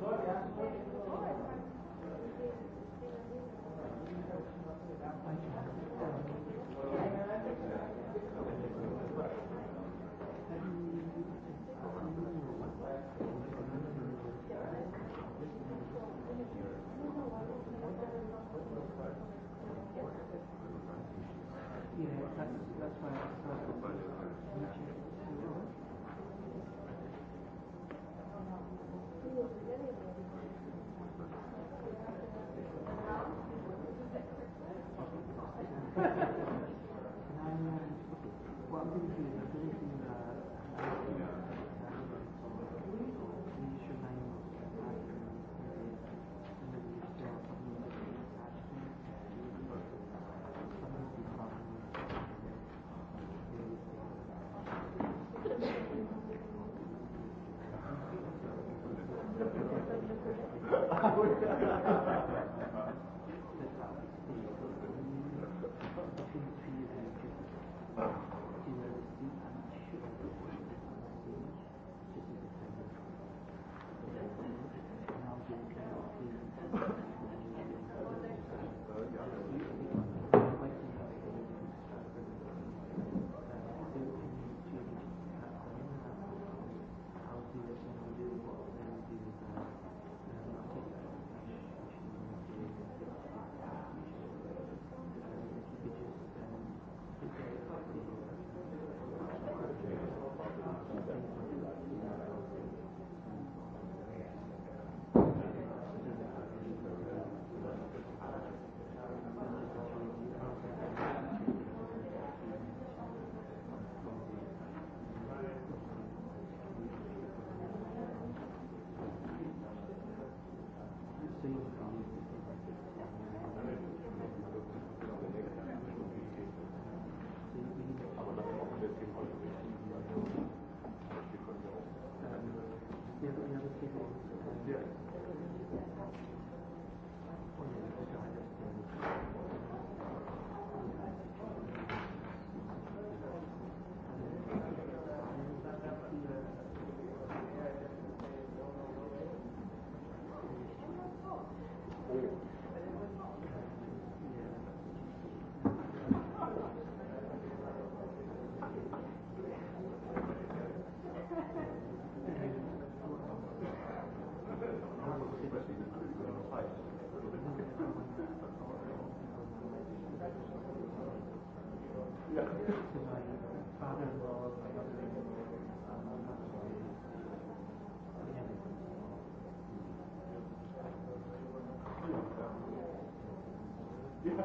Gloria.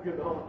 computador.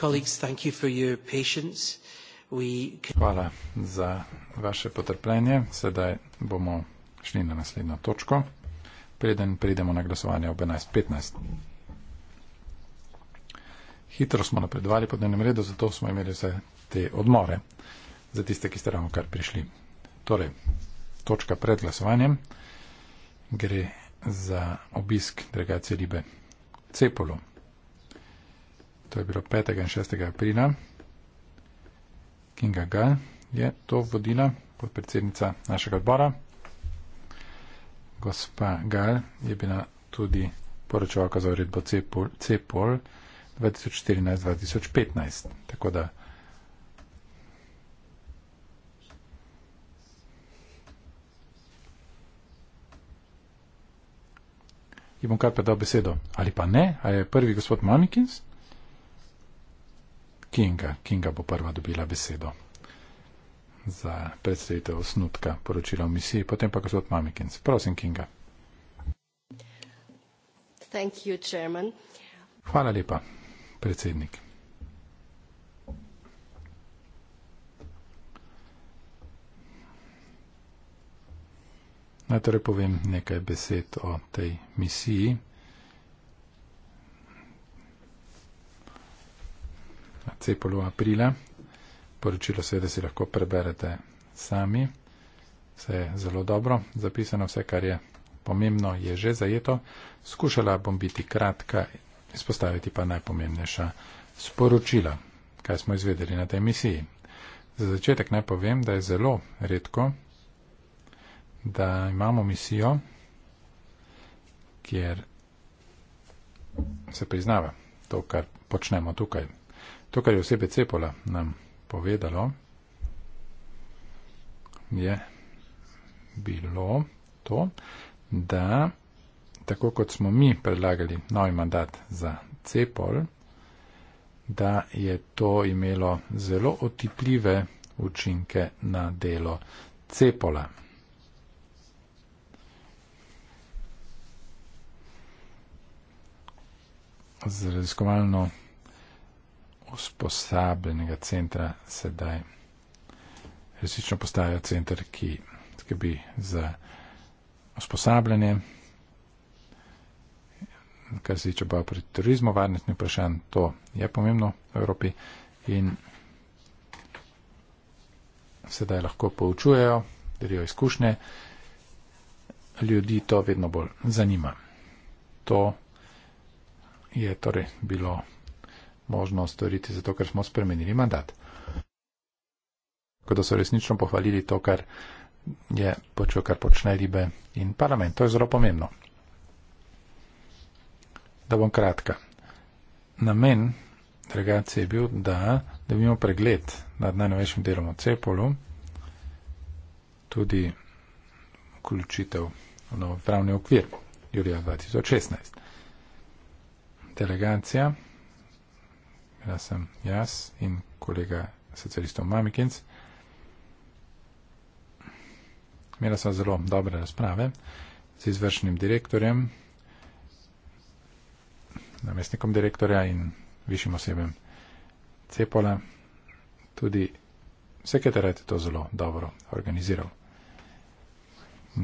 Hvala za vaše potrpljenje. Sedaj bomo šli na naslednjo točko. Preden pridemo na glasovanje ob 11.15. Hitro smo napredovali po dnevnem redu, zato smo imeli vse te odmore za tiste, ki ste ravno kar prišli. Torej, točka pred glasovanjem gre za obisk delegacije Libe Cepolo to je bilo 5. in 6. aprila, Kinga Gall je to vodila, podpredsednica našega odbora. Gospa Gall je bila tudi poročevalka za uredbo CEPOL 2014-2015. Tako da. Ji bom kar predal besedo. Ali pa ne? Ali je prvi gospod Mamikins? Kinga. Kinga bo prva dobila besedo za predstavitev osnutka poročila v misiji, potem pa gospod Mamikins. Prosim, Kinga. Thank you, chairman. Hvala lepa, predsednik. Naj torej povem nekaj besed o tej misiji. na Cepolu aprila. Poročilo seveda si lahko preberete sami. Vse je zelo dobro zapisano, vse, kar je pomembno, je že zajeto. Skušala bom biti kratka, izpostaviti pa najpomembnejša sporočila, kaj smo izvedeli na tej misiji. Za začetek naj povem, da je zelo redko, da imamo misijo, kjer se priznava to, kar počnemo tukaj, To, kar je osebe cepola nam povedalo, je bilo to, da tako kot smo mi predlagali novi mandat za cepol, da je to imelo zelo otipljive učinke na delo cepola. Z raziskovalno usposabljenega centra sedaj resnično postaja centr, ki skrbi za usposabljanje, kar se tiče pa pri turizmu, varnostni vprašanj, to je pomembno v Evropi in sedaj lahko poučujejo, delijo izkušnje, ljudi to vedno bolj zanima. To je torej bilo možno storiti, zato ker smo spremenili mandat. Tako da so resnično pohvalili to, kar je počel, kar počne ribe in parlament. To je zelo pomembno. Da bom kratka. Namen delegacije je bil, da dobimo pregled nad najnovejšim delom o Cepolu, tudi vključitev v pravni okvir Julija 2016. Delegacija Jaz sem jaz in kolega socialistov Mamikins. Imela sva zelo dobre razprave z izvršnim direktorjem, namestnikom direktorja in višjim osebem Cepola. Tudi sekretarat je to zelo dobro organiziral.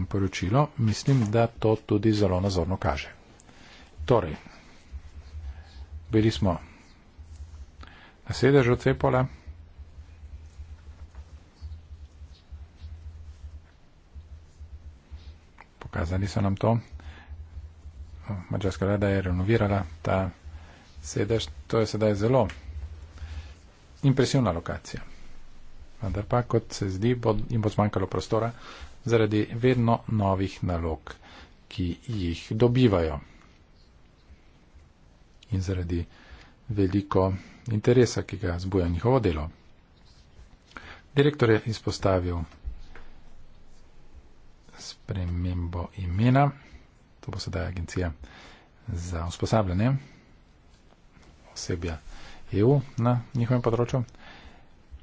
Poročilo mislim, da to tudi zelo nazorno kaže. Torej, bili smo sedež od Cepole. Pokazali so nam to. Mačarska vlada je renovirala ta sedež. To je sedaj zelo impresivna lokacija. Vendar pa, kot se zdi, bo, jim bo zmanjkalo prostora zaradi vedno novih nalog, ki jih dobivajo. In zaradi veliko interesa, ki ga zbuja njihovo delo. Direktor je izpostavil spremembo imena, to bo sedaj agencija za usposabljanje osebja EU na njihovem področju.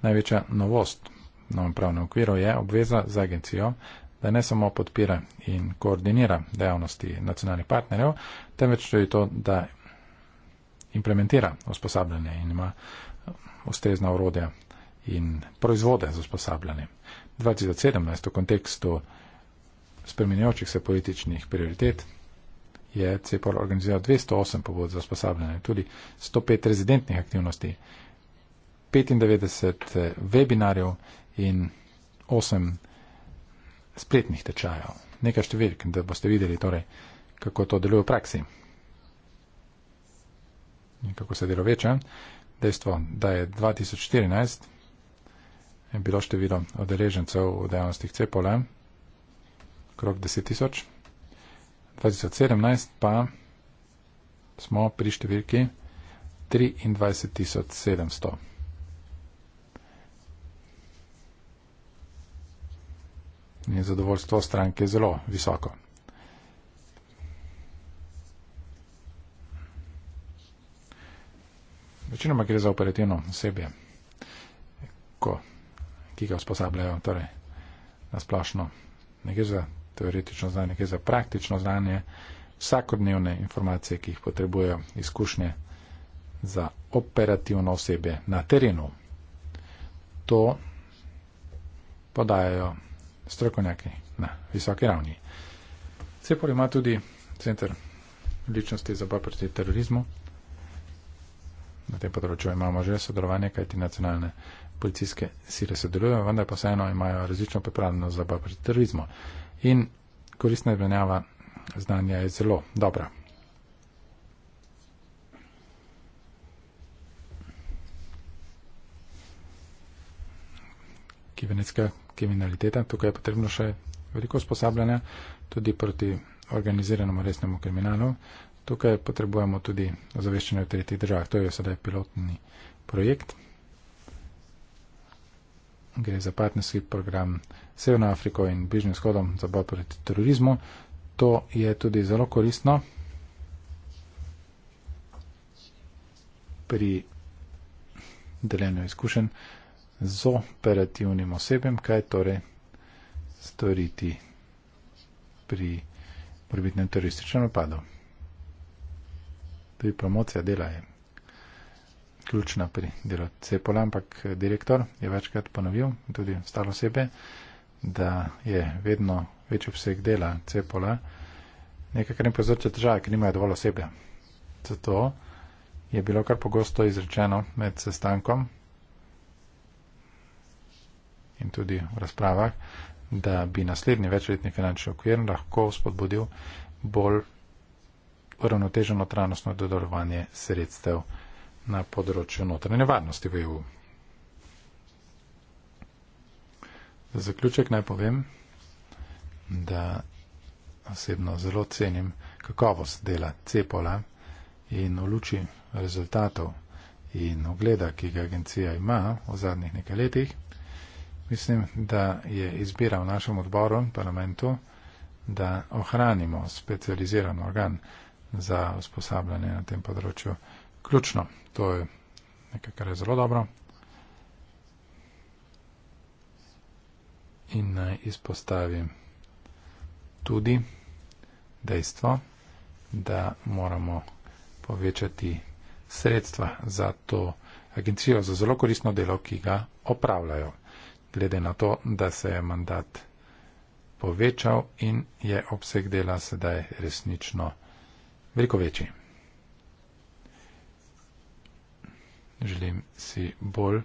Največja novost na novem pravnem okviru je obveza za agencijo, da ne samo podpira in koordinira dejavnosti nacionalnih partnerjev, temveč tudi to, da implementira usposabljanje in ima ustrezna urodja in proizvode za usposabljanje. 2017 v kontekstu spremenjajočih se političnih prioritet je CEPOR organiziral 208 pobud za usposabljanje, tudi 105 rezidentnih aktivnosti, 95 eh, webinarjev in 8 spletnih tečajev. Nekaj številk, da boste videli torej, kako to deluje v praksi nekako se delo večja. Dejstvo, da je 2014 je bilo število odeležencev v dejavnostih cepole krok 10 tisoč, 2017 pa smo pri številki 23.700. In zadovoljstvo stranke je zelo visoko. Večinoma gre za operativno osebje, ko, ki ga usposabljajo, torej nasplošno. Ne gre za teoretično znanje, gre za praktično znanje, vsakodnevne informacije, ki jih potrebujejo, izkušnje za operativno osebje na terenu. To podajajo strokovnjaki na visoki ravni. Cepor ima tudi Center ličnosti za boj proti terorizmu na tem področju imamo že sodelovanje, kajti nacionalne policijske sile sodelujejo, vendar pa vseeno imajo različno pripravljenost za boj proti terorizmu. In koristna izmenjava znanja je zelo dobra. Kibernetska kriminaliteta, tukaj je potrebno še veliko usposabljanja, tudi proti organiziranemu resnemu kriminalu, Tukaj potrebujemo tudi ozaveščanje v tretjih državah. To je sedaj pilotni projekt. Gre za partnerski program Severno Afriko in Bližnjim shodom za boj proti terorizmu. To je tudi zelo koristno pri deljenju izkušenj z operativnim osebem, kaj torej storiti pri morbitnem terorističnem napadu tudi promocija dela je ključna pri delu Cepola, ampak direktor je večkrat ponovil, tudi ostalo sebe, da je vedno več obseg dela Cepola nekaj, kar jim povzroča težave, ker nimajo dovolj osebja. Zato je bilo kar pogosto izrečeno med sestankom in tudi v razpravah, da bi naslednji večletni finančni okvir lahko spodbudil bolj uravnoteženo trajnostno dodelovanje sredstev na področju notranje varnosti v EU. Za zaključek naj povem, da osebno zelo cenim kakovost dela Cepola in v luči rezultatov in ogleda, ki ga agencija ima v zadnjih nekaj letih, mislim, da je izbira v našem odboru, parlamentu, da ohranimo specializiran organ za usposabljanje na tem področju ključno. To je nekaj, kar je zelo dobro. In naj izpostavim tudi dejstvo, da moramo povečati sredstva za to agencijo, za zelo korisno delo, ki ga opravljajo. Glede na to, da se je mandat povečal in je obseg dela sedaj resnično veliko večji. Želim si bolj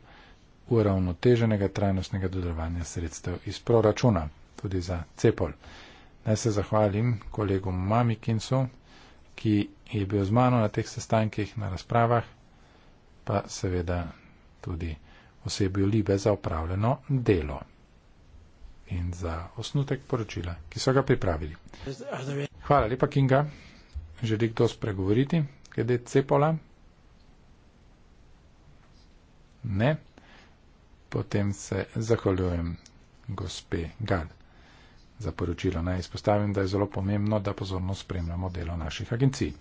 uravnoteženega trajnostnega dodelovanja sredstev iz proračuna, tudi za cepol. Naj se zahvalim kolegu Mamikincu, ki je bil z mano na teh sestankih, na razpravah, pa seveda tudi osebi Libe za opravljeno delo in za osnutek poročila, ki so ga pripravili. Hvala lepa, Kinga. Želi kdo spregovoriti, glede cepola? Ne. Potem se zahvaljujem gospe Gal za poročilo. Naj izpostavim, da je zelo pomembno, da pozorno spremljamo delo naših agencij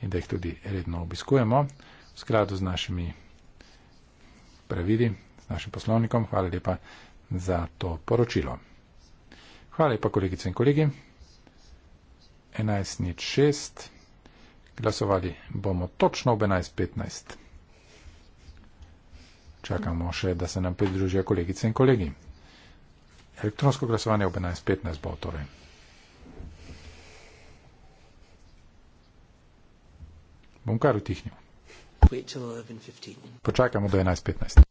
in da jih tudi redno obiskujemo v skladu z našimi pravili, s našim poslovnikom. Hvala lepa za to poročilo. Hvala lepa, kolegice in kolegi. 11.06. Glasovali bomo točno ob 11.15. Čakamo še, da se nam pridružijo kolegice in kolegi. Elektronsko glasovanje ob 11.15 bo torej. Bom kar utihnil. Počakamo do 11.15.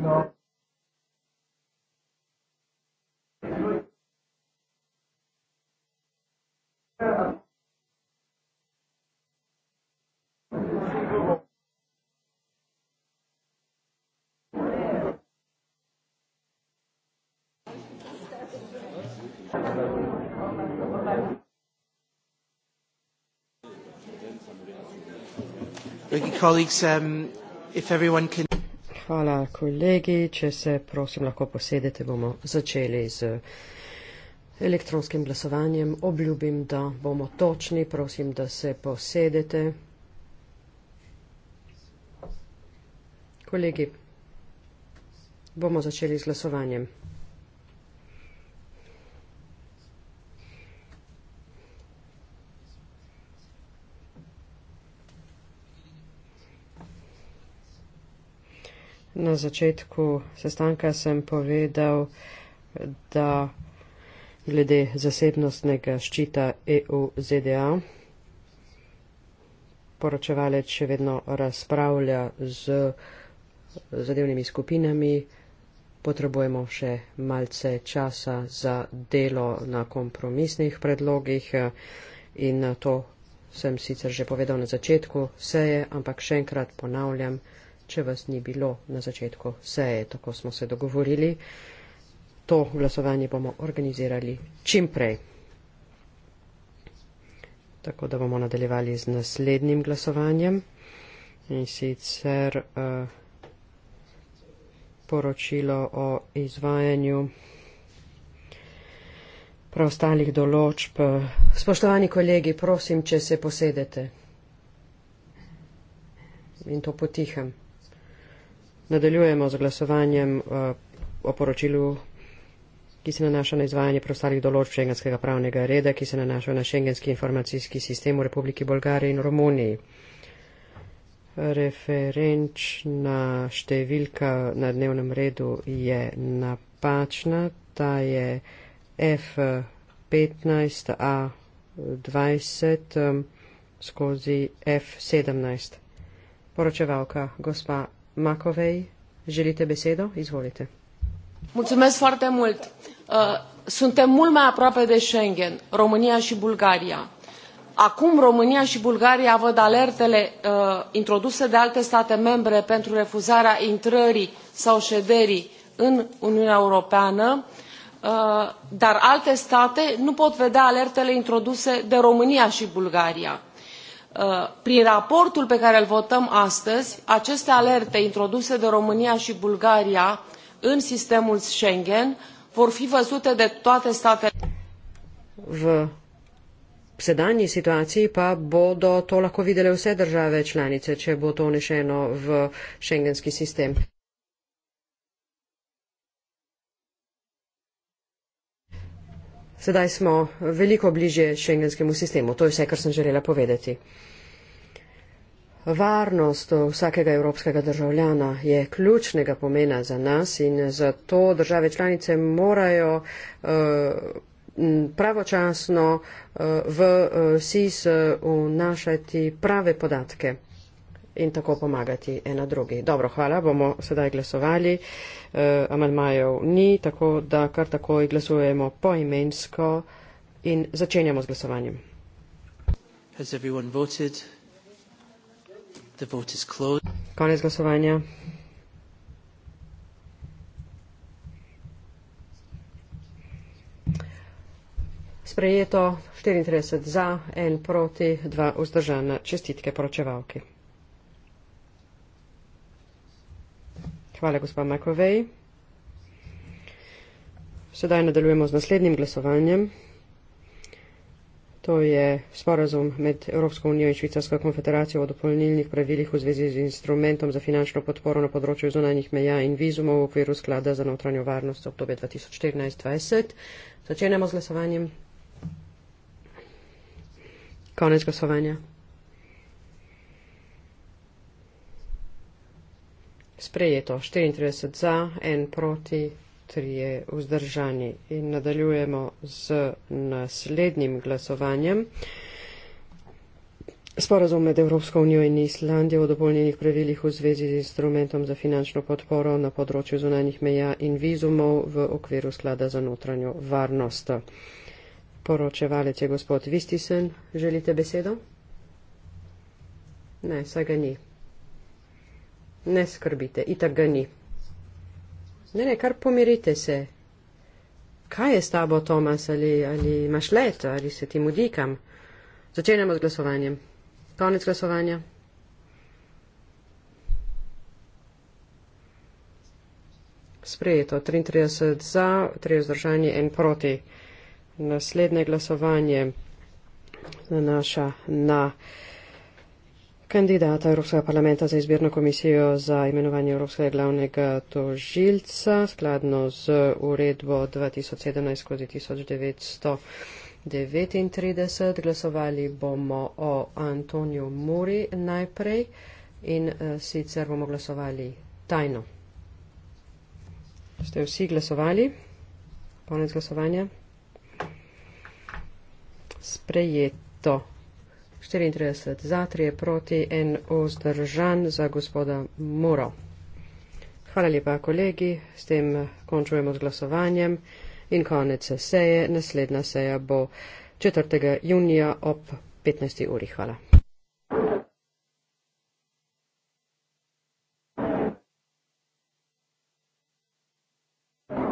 No. colleagues, um, if everyone can... Hvala kolegi, če se prosim lahko posedete, bomo začeli z elektronskim glasovanjem. Obljubim, da bomo točni, prosim, da se posedete. Kolegi, bomo začeli z glasovanjem. na začetku sestanka sem povedal, da glede zasebnostnega ščita EU-ZDA poročevalec še vedno razpravlja z zadevnimi skupinami. Potrebujemo še malce časa za delo na kompromisnih predlogih in to sem sicer že povedal na začetku seje, ampak še enkrat ponavljam če vas ni bilo na začetku seje, tako smo se dogovorili. To glasovanje bomo organizirali čim prej. Tako da bomo nadaljevali z naslednjim glasovanjem in sicer uh, poročilo o izvajanju preostalih določb. Spoštovani kolegi, prosim, če se posedete. In to potihem. Nadaljujemo z glasovanjem eh, o poročilu, ki se nanaša na izvajanje preostalih določb šengenskega pravnega reda, ki se nanaša na šengenski informacijski sistem v Republiki Bolgariji in Romuniji. Referenčna številka na dnevnem redu je napačna, ta je F15A20 eh, skozi F17. Poročevalka, gospa Makovej, želite besedo? Izvolite. Mulțumesc foarte mult. Uh, suntem mult mai aproape de Schengen, România și Bulgaria. Acum România și Bulgaria văd alertele uh, introduse de alte state membre pentru refuzarea intrării sau șederii în Uniunea Europeană, uh, dar alte state nu pot vedea alertele introduse de România și Bulgaria. Uh, prin raportul pe care îl votăm astăzi aceste alerte introduse de românia și bulgaria în sistemul schengen vor fi văzute de toate statele. v Se dani situaciji pa bodo to lahko videli vse države članice, če bo to unešeno v šengenski sistem. Sedaj smo veliko bliže šengenskemu sistemu, to je vse, kar sem želela povedati. Varnost vsakega evropskega državljana je ključnega pomena za nas in zato države članice morajo eh, pravočasno eh, v eh, SIS vnašati prave podatke in tako pomagati ena drugi. Dobro, hvala, bomo sedaj glasovali. E, amandmajev ni, tako da kar takoj glasujemo poimensko in začenjamo z glasovanjem. Konec glasovanja. Sprejeto 34 za, 1 proti, 2 vzdržana čestitke poročevalki. Hvala, gospod McAvey. Sedaj nadaljujemo z naslednjim glasovanjem. To je sporazum med Evropsko unijo in Švicarsko konfederacijo o dopolnilnih pravilih v zvezi z instrumentom za finančno podporo na področju zunanjih meja in vizumov v okviru sklada za notranjo varnost v obdobju 2014-2020. Začenjamo z glasovanjem. Konec glasovanja. Sprejeto 34 za, en proti, tri je vzdržani. In nadaljujemo z naslednjim glasovanjem. Sporazum med Evropsko unijo in Islandijo o dopolnjenih pravilih v zvezi z instrumentom za finančno podporo na področju zunanjih meja in vizumov v okviru sklada za notranjo varnost. Poročevalec je gospod Vistisen. Želite besedo? Ne, saj ga ni ne skrbite, itak ga ni. Ne, ne, kar pomirite se. Kaj je s tabo, Tomas, ali, ali imaš let, ali se ti mudikam? Začenjamo z glasovanjem. Konec glasovanja. Sprejeto. 33 za, 3 vzdržanje, 1 proti. Naslednje glasovanje nanaša na kandidata Evropskega parlamenta za izbirno komisijo za imenovanje Evropskega glavnega tožilca skladno z uredbo 2017-1900. 39. Glasovali bomo o Antoniju Muri najprej in uh, sicer bomo glasovali tajno. Ste vsi glasovali? Konec glasovanja? Sprejeto. 34 za, 3 proti, 1 ozdržan za gospoda Muro. Hvala lepa, kolegi. S tem končujemo z glasovanjem in konec seje. Naslednja seja bo 4. junija ob 15. uri. Hvala.